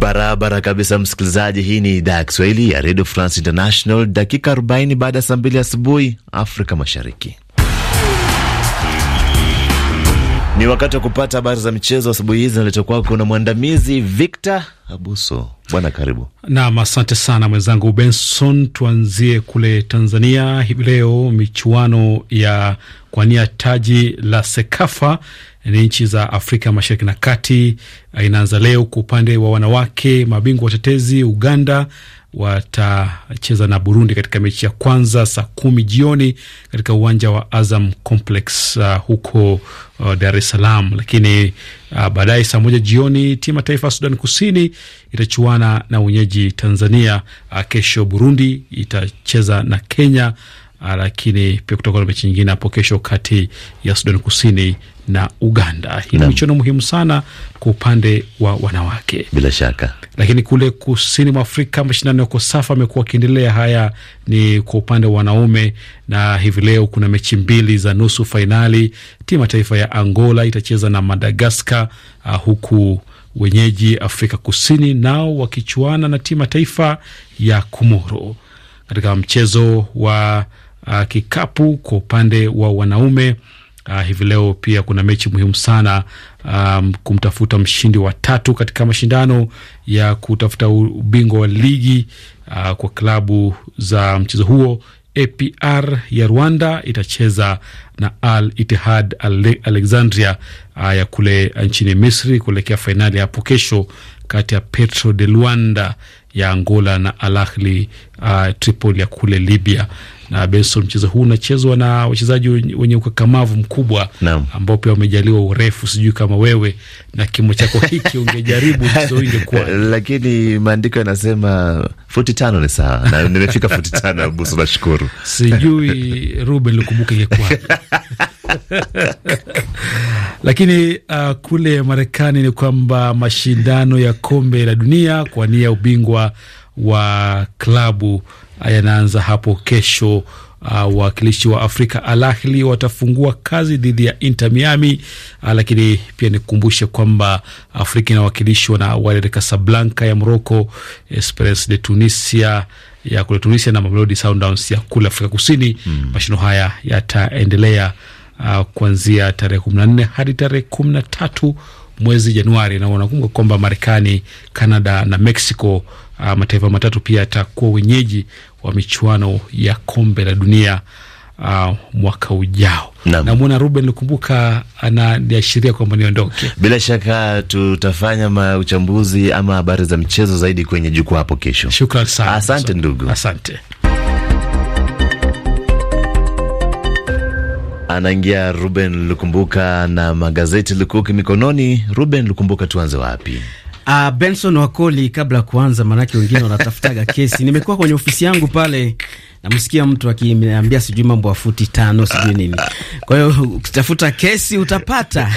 Barabara kabisa, msikilizaji. Hii ni idhaa ya Kiswahili ya Radio France International. Dakika 40 baada ya saa mbili asubuhi Afrika Mashariki ni wakati wa kupata habari za michezo asubuhi hizi, naletwa kwako na mwandamizi Victor Abuso. Bwana karibu. Naam, asante sana mwenzangu Benson. Tuanzie kule Tanzania hivi leo, michuano ya kuania taji la Sekafa ni nchi za Afrika Mashariki na Kati. Inaanza leo kwa upande wa wanawake, mabingwa watetezi Uganda watacheza na Burundi katika mechi ya kwanza saa kumi jioni katika uwanja wa Azam Complex uh, huko uh, Dar es Salaam. Lakini uh, baadaye saa moja jioni timu ya taifa ya Sudan Kusini itachuana na wenyeji Tanzania. Uh, kesho Burundi itacheza na Kenya Ah, lakini pia kutakuwa na mechi nyingine hapo kesho kati ya Sudan Kusini na Uganda. Hii ni michuano muhimu sana kwa upande wa wanawake, bila shaka. Lakini kule kusini mwa Afrika, mashindano ya KOSAFA amekuwa akiendelea. Haya ni kwa upande wa wanaume, na hivi leo kuna mechi mbili za nusu fainali. Timu ya taifa ya Angola itacheza na Madagaskar, uh, ah, huku wenyeji Afrika Kusini nao wakichuana na timu ya taifa ya Komoro. Katika mchezo wa uh, kikapu kwa upande wa wanaume. Uh, hivi leo pia kuna mechi muhimu sana um, kumtafuta mshindi wa tatu katika mashindano ya kutafuta ubingwa wa ligi uh, kwa klabu za mchezo huo. APR ya Rwanda itacheza na Al Ittihad Alexandria uh, ya kule nchini Misri kuelekea fainali hapo kesho kati ya Petro de Luanda ya Angola na Al ahli uh, Tripoli ya kule Libya na Benson, mchezo huu unachezwa na wachezaji wenye ukakamavu mkubwa ambao pia wamejaliwa urefu. Sijui kama wewe na kimo chako hiki ungejaribu mchezo huu ingekuwa, lakini maandiko yanasema futi tano ni sawa, na nimefika futi tano. Abusu, nashukuru. Sijui Ruben likumbuka ingekuwa lakini uh, kule Marekani ni kwamba mashindano ya kombe la dunia kwa nia ya ubingwa wa klabu yanaanza hapo kesho. Uh, wawakilishi wa Afrika Al Ahly watafungua kazi dhidi ya Inter Miami. Uh, lakini pia nikumbushe kwamba Afrika inawakilishwa na Wydad Casablanca ya Morocco, Esperance de Tunisia ya kule Tunisia na Mamelodi Sundowns ya kule Afrika Kusini. Mm. Mashino haya yataendelea uh, kuanzia tarehe kumi na nne hadi tarehe kumi na tatu mwezi Januari, na wanakumbuka kwamba Marekani, Canada na Mexico, uh, mataifa matatu pia yatakuwa wenyeji wa michuano ya kombe la dunia Uh, mwaka ujao namwona Ruben Lukumbuka ananiashiria kwamba niondoke. Bila shaka tutafanya uchambuzi ama habari za mchezo zaidi kwenye jukwaa hapo kesho. Shukran sana, asante ndugu, asante. Anaingia Ruben Lukumbuka na magazeti lukuki mikononi. Ruben Lukumbuka, tuanze wapi? Uh, Benson Wakoli, kabla ya kuanza, maanake wengine wanatafutaga kesi, nimekuwa kwenye ofisi yangu pale, namsikia mtu akiniambia sijui mambo ya futi tano sijui nini. Kwa hiyo ukitafuta kesi utapata.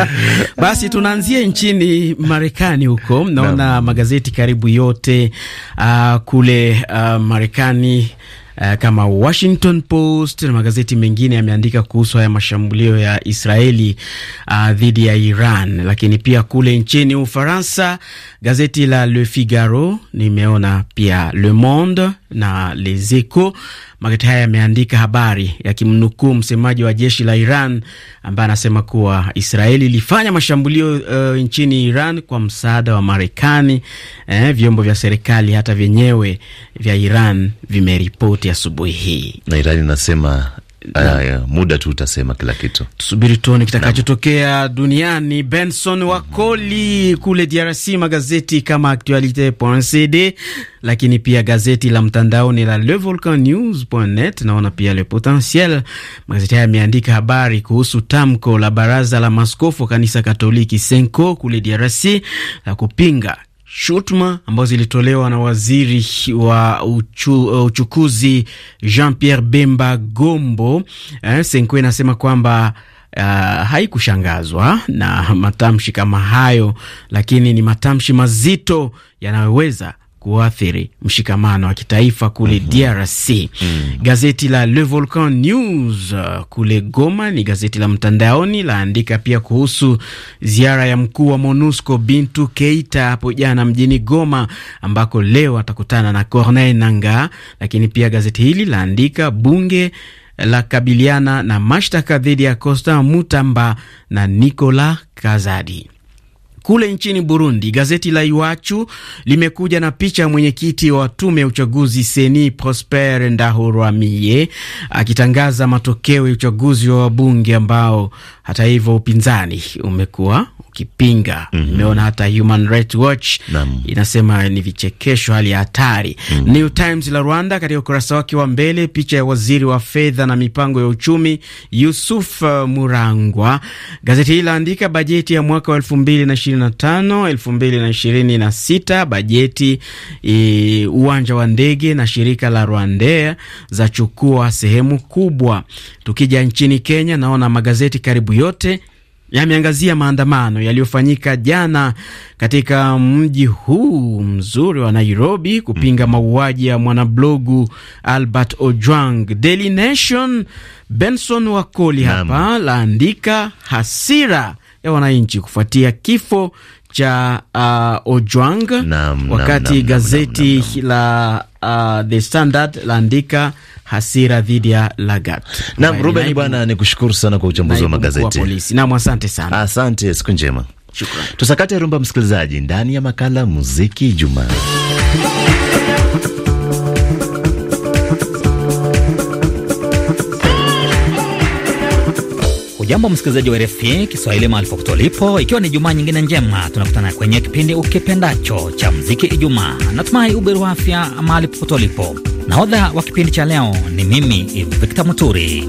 Basi tunaanzie nchini Marekani huko, naona magazeti karibu yote uh, kule uh, Marekani uh, kama Washington Post na magazeti mengine yameandika kuhusu haya mashambulio ya Israeli uh, dhidi ya Iran. Lakini pia kule nchini Ufaransa, gazeti la Le Figaro nimeona pia Le Monde na Lezeko. Magazeti haya yameandika habari yakimnukuu msemaji wa jeshi la Iran ambaye anasema kuwa Israeli ilifanya mashambulio uh, nchini Iran kwa msaada wa Marekani. Eh, vyombo vya serikali hata vyenyewe vya Iran vimeripoti asubuhi hii, na Iran inasema Aya, muda tu utasema kila kitu, tusubiri tuone kitakachotokea duniani. Benson Wakoli mm -hmm. kule DRC magazeti kama actualite.cd, lakini pia gazeti la mtandaoni la le net naona pia Le Potentiel. Magazeti haya yameandika habari kuhusu tamko la baraza la maskofu kanisa Katoliki Senko kule DRC la kupinga shutuma ambazo zilitolewa na waziri wa uchu, uh, uchukuzi Jean Pierre Bemba Gombo eh, Senko inasema kwamba Uh, haikushangazwa na matamshi kama hayo, lakini ni matamshi mazito yanayoweza kuathiri mshikamano wa kitaifa kule mhm. mm -hmm. DRC mm -hmm. Gazeti la Le Volcan News uh, kule Goma ni gazeti la mtandaoni laandika pia kuhusu ziara ya mkuu wa MONUSCO Bintu Keita hapo jana mjini Goma, ambako leo atakutana na Corneille nanga Lakini pia gazeti hili laandika bunge la kabiliana na mashtaka dhidi ya Costa Mutamba na Nicolas Kazadi. Kule nchini Burundi, gazeti la Iwachu limekuja na picha ya mwenyekiti wa tume ya uchaguzi Seni Prosper Ndahuramiye akitangaza matokeo ya uchaguzi wa wabunge ambao hata hivyo upinzani umekuwa kukipinga. nimeona mhm. mm -hmm. hata Human Rights Watch inasema ni vichekesho, hali ya hatari mm -hmm. New Times la Rwanda katika ukurasa wake wa mbele, picha ya waziri wa fedha na mipango ya uchumi Yusuf uh, Murangwa. Gazeti hili laandika bajeti ya mwaka wa elfu mbili na ishirini na tano elfu mbili na ishirini na sita bajeti e, uwanja wa ndege na shirika la Rwandea za chukua sehemu kubwa. Tukija nchini Kenya, naona magazeti karibu yote yameangazia maandamano yaliyofanyika jana katika mji huu mzuri wa Nairobi kupinga mm. mauaji ya mwanablogu Albert Ojwang. Daily Nation, Benson Wakoli hapa laandika hasira ya wananchi kufuatia kifo cha uh, Ojwang nam, wakati nam, nam, gazeti nam, nam, nam. la uh, The Standard laandika hasira dhidi ya Lagat. Naam, Ruben bwana, ni kushukuru sana kwa uchambuzi wa magazeti. Naam, asante sana. Asante, siku njema. Shukrani. Tusakate rumba msikilizaji ndani ya makala muziki Jumaa. Hujambo msikilizaji wa RFI Kiswahili mahali popote ulipo, ikiwa ni Jumaa nyingine njema, tunakutana kwenye kipindi ukipendacho cha mziki Ijumaa. Natumai uberu wa afya mahali popote ulipo. Nahodha wa kipindi cha leo ni mimi Victor Muturi.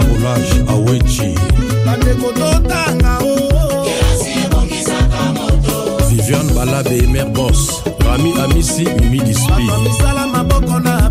ya moulage awechi oh, oh. viviane balabe emer bos rami amisi mimi dispi na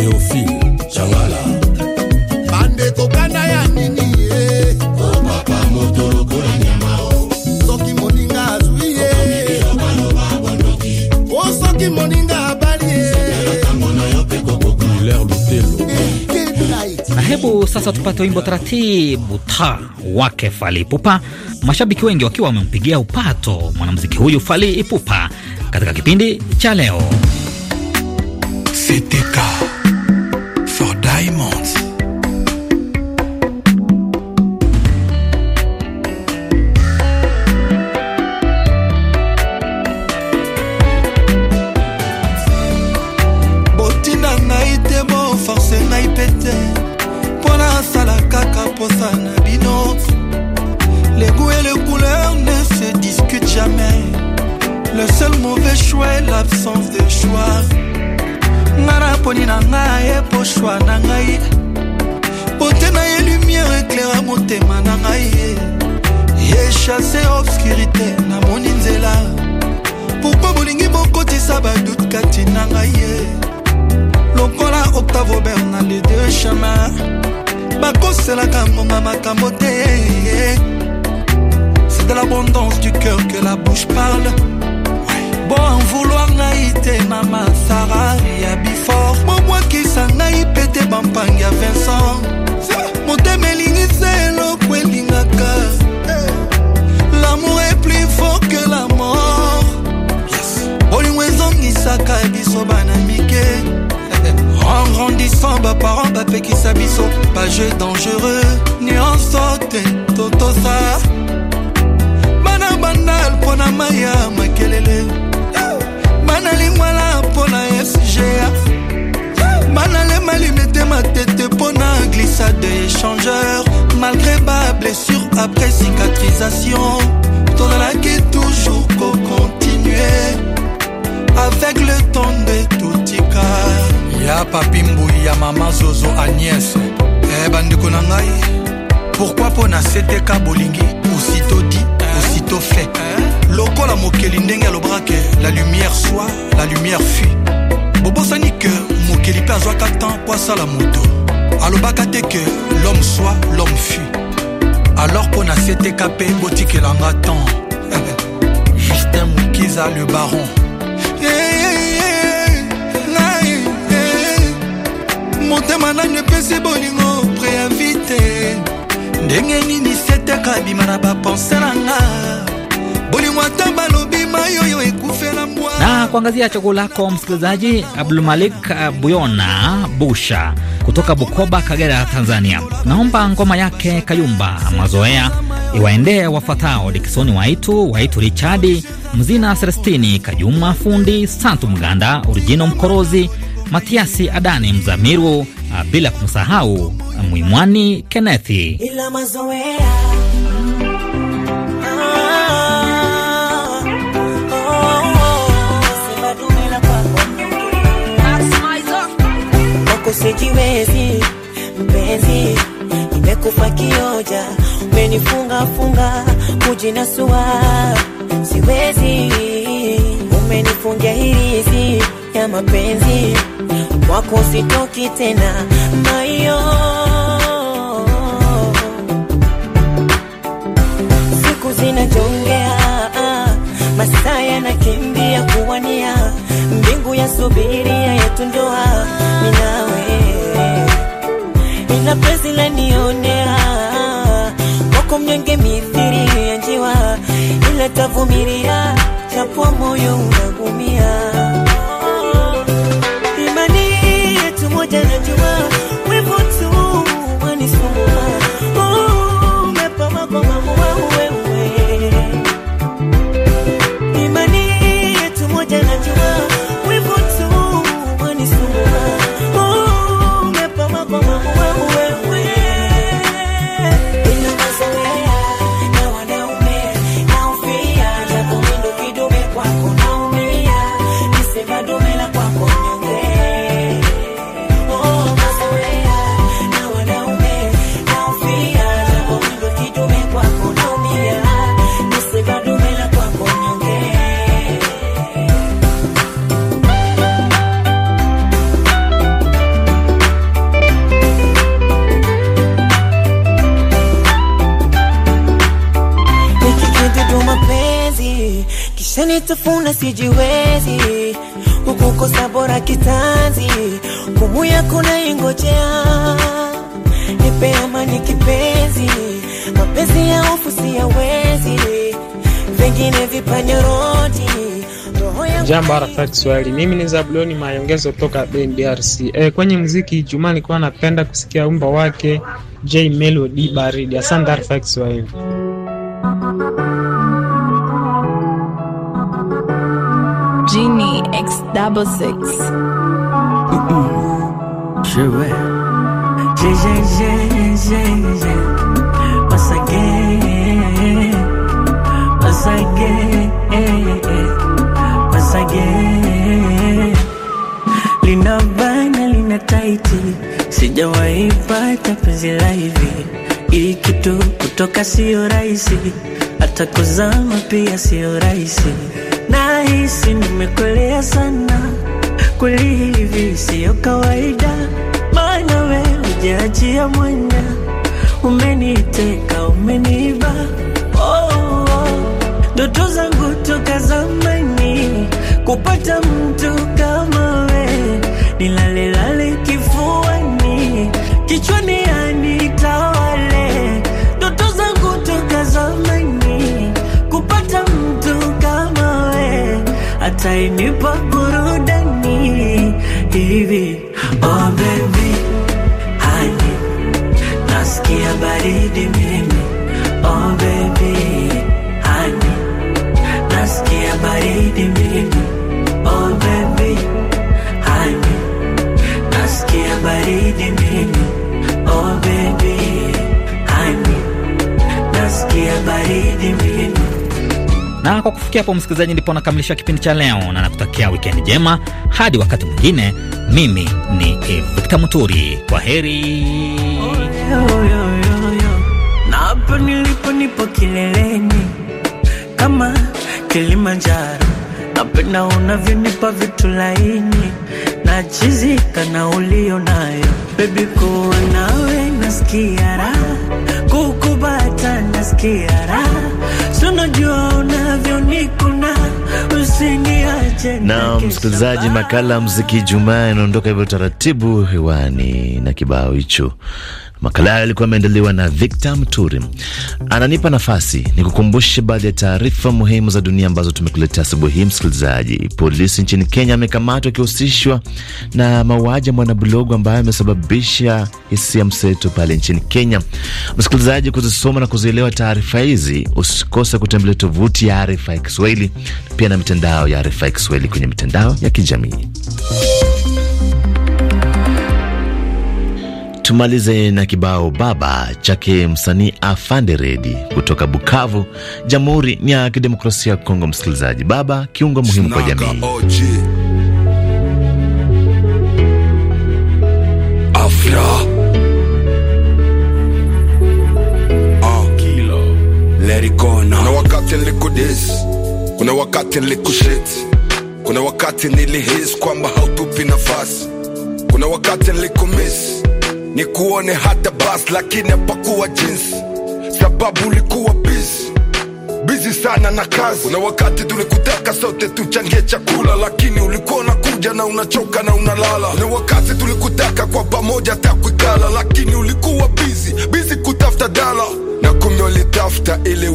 Theophile Changala eh? eh? eh? na hebu sasa tupate wimbo taratibu ta wake fali Ipupa, mashabiki wengi wakiwa wamempigia upato mwanamuziki huyu fali Ipupa katika kipindi cha leo Sitika. for diamonds. moponi na ngai ye poshwa na ngai pote na ye lumière éclaira motema na ngai ye ye chasse obscurité namoni nzela pourkoi bolingi bokotisa badute kati na ngai ye lokola octave obert na les deux chemin bakoselaka ngonga makambo te c'est de l'abondance du cœur que la bouche parle bon vouloir ngai y na bifort. ya qui s'en aïe, pété, bambang, ya vincent c'est motema elingisa n'a cœur lamour est plus fort que la mort bolingo ezongisaka biso bana mike en grandissant bah, qui bapekisa pas jeu dangereux ni tout, tout ça blessure après cicatrisation. Ton est toujours qu'on continue Avec le temps de tout y Ya papi ya mama zozo Agnès. Eh bande konangaye Pourquoi pona seteka bolingi aussitôt dit aussitôt fait. Lokola mokeli lo braque. la lumière soit la lumière fuit. Bobo ke mokeli joie azwaka temps ça la moto A que l'homme soit l'homme fuit alors mpo na ctk mpe botikelanga tan justin Moukiza, le baron motema nani epesi bolingo preavite ndenge nini seteka ebima na bapense na nga bolingo ata balobi mai oyo ekufela mbwa na kuangazia chaguo lako msikilizaji abdulmalik buyona busha kutoka Bukoba, Kagera, Tanzania. Naomba ngoma yake Kayumba Mazoea iwaendee wafuatao: Dikisoni Waitu, Waitu Richadi, Mzina Selestini, Kajuma Fundi, Santu Mganda, urijino Mkorozi, Matiasi Adani Mzamiru, bila kumsahau Mwimwani Kenethi. Ila mazoea sijiwezi mpenzi, nimekufa kioja, umenifunga funga kujinasua, siwezi. Umenifungia hirizi ya mapenzi, kwako sitoki tena, ayo siku zinajongea, ah, masaa yanakimbia kuwania Subiri yetu ndio mimi ina ila pesa lanionea kwako, mnyonge mithiri ya njiwa, ila tavumiria japo moyo unagumia imani yetu moja najua unanitafuna sijiwezi, huku kosa bora kitanzi, kumu yako naingojea, nipe amani kipenzi, mapenzi ya hofu siyawezi, vingine vipanyorodi Jambo RFI Kiswahili, mimi ni Zabuloni Mayongezo toka BNDRC. E, eh, kwenye muziki Ijumaa nilikuwa napenda kusikia wimbo wake J Melody Baridi. Asante RFI Kiswahili. Genie X double six. Je vais. J -j -j -j j'ai, j'ai, j'ai, Once again. Once again. Once again. Lina bana, lina taiti. Sijawahi pata penzi la hivi. Hii kitu kutoka sio rahisi. Hata kuzama pia sio rahisi halisi, nimekolea sana kweli, hivi siyo kawaida, maana we hujaachia mwanya, umeniteka umeniba, oh, oh. Ndoto zangu toka zamani kupata mtu kama we, nilalelale kifuani, kichwani anitawa atainipa burudani hivi. Oh baby, hani nasikia baridi mimi. Oh baby kufikia hapo, msikilizaji, ndipo nakamilisha kipindi cha leo na nakutakia wikendi njema hadi wakati mwingine. Mimi ni Victor Muturi, kwa heri. Na nilipo nipo kileleni kama Kilimanjaro, napenda unavyonipa vitu laini na chizi kana ulio nayo bebi, kuwa nawe nasikia raha, kukubata nasikia raha na msikilizaji, makala mziki Jumaa inaondoka hivyo taratibu hewani na kibao hicho Makala hayo yalikuwa yameandaliwa na Victor Mturi. Ananipa nafasi ni kukumbushe baadhi ya taarifa muhimu za dunia ambazo tumekuletea asubuhi hii, msikilizaji. Polisi nchini Kenya amekamatwa akihusishwa na mauaji ya mwanablogu ambayo amesababisha hisia mseto pale nchini Kenya. Msikilizaji, kuzisoma na kuzielewa taarifa hizi, usikose kutembelea tovuti ya RFI Kiswahili pia na mitandao ya RFI Kiswahili kwenye mitandao ya kijamii. Tumalize na kibao baba chake msanii Afande Redi kutoka Bukavu, Jamhuri ya Kidemokrasia ya Kongo. Msikilizaji, baba kiungo muhimu kwa jamii ah. Kuna wakati kuna wakati kuna wakati nilihis kwamba hautupi nafasi, kuna wakati nilikumiss ni kuone hata bas, lakini hapakuwa jinsi, sababu ulikuwa busy bizi sana na kazi. Kuna wakati tulikutaka sote tuchangie chakula, lakini ulikuwa unakuja na unachoka na unalala. Kuna wakati tulikutaka kwa pamoja takwikala, lakini ulikuwa bizi bizi kutafuta dala na kumbe ulitafuta ili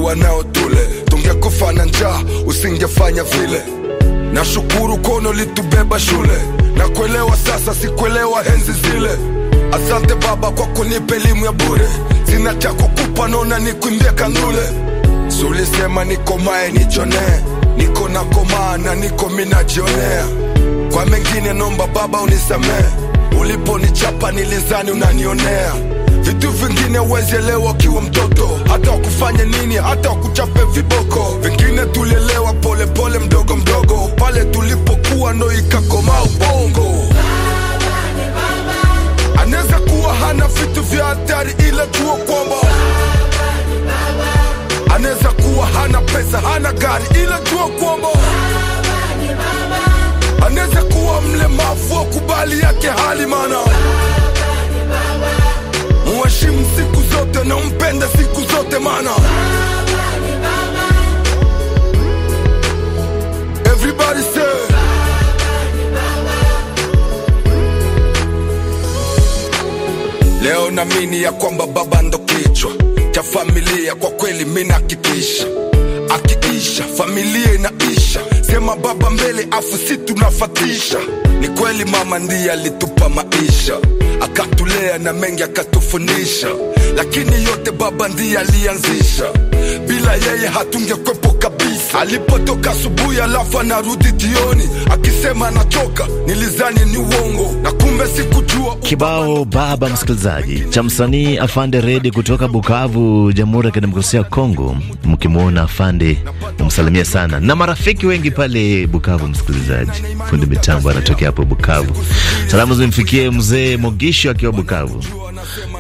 tule, tungekufa na njaa, usingefanya vile. Nashukuru kono litubeba shule na kuelewa sasa, sikuelewa enzi zile Asante Baba kwa kunipa elimu ya bure, sina cha kukupa, naona nikuimbie kanule. sulisema ulisema nikomae nijonee, niko na komaa na niko minajionea. Kwa mengine nomba Baba unisamehe, uliponichapa nilizani unanionea vitu vingine uwezielewa ukiwa mtoto, hata wakufanya nini, hata wakuchape viboko. Vingine tulielewa polepole, mdogo mdogo, pale tulipokuwa ndo ikakoma ubongo ana vitu vya hatari, ila jua kwamba anaweza kuwa hana pesa, hana gari, ila jua kwamba anaweza kuwa mlemavu, kubali yake hali, mana muheshimu siku zote na mpenda siku zote, mana everybody say Leo naamini ya kwamba baba ndo kichwa cha familia, kwa kweli mina nahakikisha akiisha familia inaisha. Sema baba mbele, afu si tunafatisha. Ni kweli mama ndiye alitupa maisha, akatulea na mengi akatufundisha, lakini yote baba ndiye alianzisha, bila yeye hatungekwepa alipotoka asubuhi, alafu anarudi jioni akisema anachoka, nilizani ni uongo na kumbe sikujua. Kibao baba msikilizaji cha msanii Afande Redi kutoka Bukavu, Jamhuri ya Kidemokrasia ya Kongo. Mkimwona Afande msalimia sana, na marafiki wengi pale Bukavu. Msikilizaji, fundi mitambo anatokea hapo Bukavu. Salamu zimfikie mzee Mogisho akiwa Bukavu.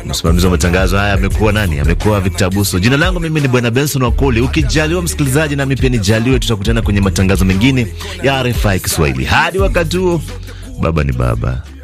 Msimamizi wa matangazo haya amekuwa nani? Amekuwa Victor buso Jina langu mimi ni Bwana Benson Wakoli. Ukijaliwa msikilizaji, nami pia nijaliwe, tutakutana kwenye matangazo mengine ya RFI Kiswahili. Hadi wakati huo, baba ni baba.